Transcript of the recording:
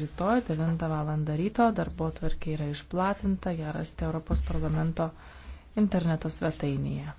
rytoj 9 val. ryto darbo tvarkė yra išplatinta, ją rasti Europos parlamento interneto svetainėje.